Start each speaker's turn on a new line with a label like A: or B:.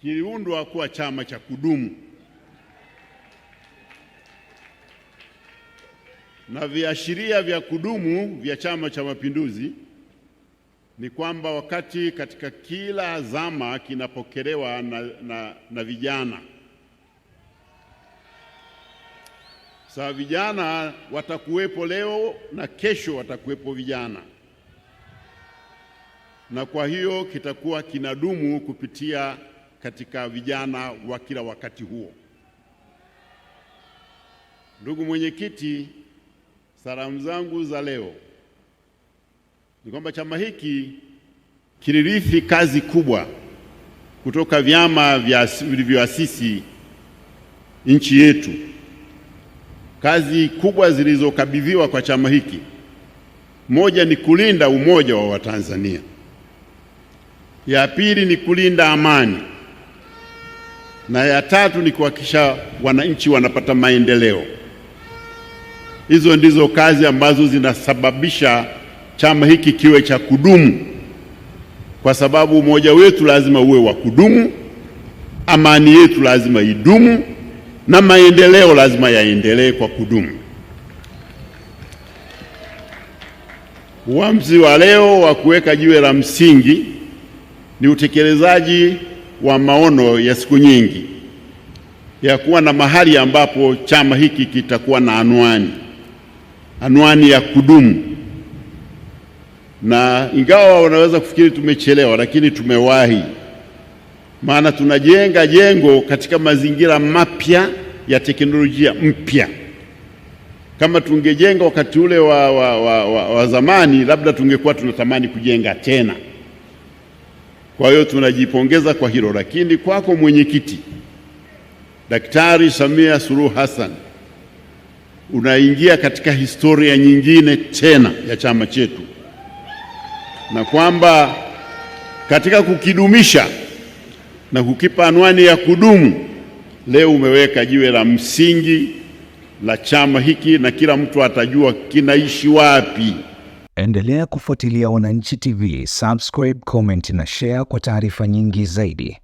A: kiliundwa kuwa chama cha kudumu na viashiria vya kudumu vya Chama cha Mapinduzi ni kwamba wakati katika kila zama kinapokelewa na, na, na vijana. Sasa vijana watakuwepo leo na kesho watakuwepo vijana, na kwa hiyo kitakuwa kinadumu kupitia katika vijana wa kila wakati huo. Ndugu mwenyekiti, salamu zangu za leo ni kwamba chama hiki kilirithi kazi kubwa kutoka vyama vilivyoasisi nchi yetu. Kazi kubwa zilizokabidhiwa kwa chama hiki, moja ni kulinda umoja wa Watanzania, ya pili ni kulinda amani na ya tatu ni kuhakikisha wananchi wanapata maendeleo. Hizo ndizo kazi ambazo zinasababisha chama hiki kiwe cha kudumu, kwa sababu umoja wetu lazima uwe wa kudumu, amani yetu lazima idumu, na maendeleo lazima yaendelee kwa kudumu. Uamuzi wa leo wa kuweka jiwe la msingi ni utekelezaji wa maono ya siku nyingi ya kuwa na mahali ambapo chama hiki kitakuwa na anwani, anwani ya kudumu. Na ingawa wanaweza kufikiri tumechelewa, lakini tumewahi, maana tunajenga jengo katika mazingira mapya ya teknolojia mpya. Kama tungejenga wakati ule wa, wa, wa, wa, wa zamani, labda tungekuwa tunatamani kujenga tena. Kwa hiyo tunajipongeza kwa hilo, lakini kwako mwenyekiti Daktari Samia Suluhu Hassan, unaingia katika historia nyingine tena ya chama chetu, na kwamba katika kukidumisha na kukipa anwani ya kudumu, leo umeweka jiwe la msingi la chama hiki, na kila mtu atajua kinaishi wapi. Endelea kufuatilia Wananchi TV, subscribe, comment na share kwa taarifa nyingi zaidi.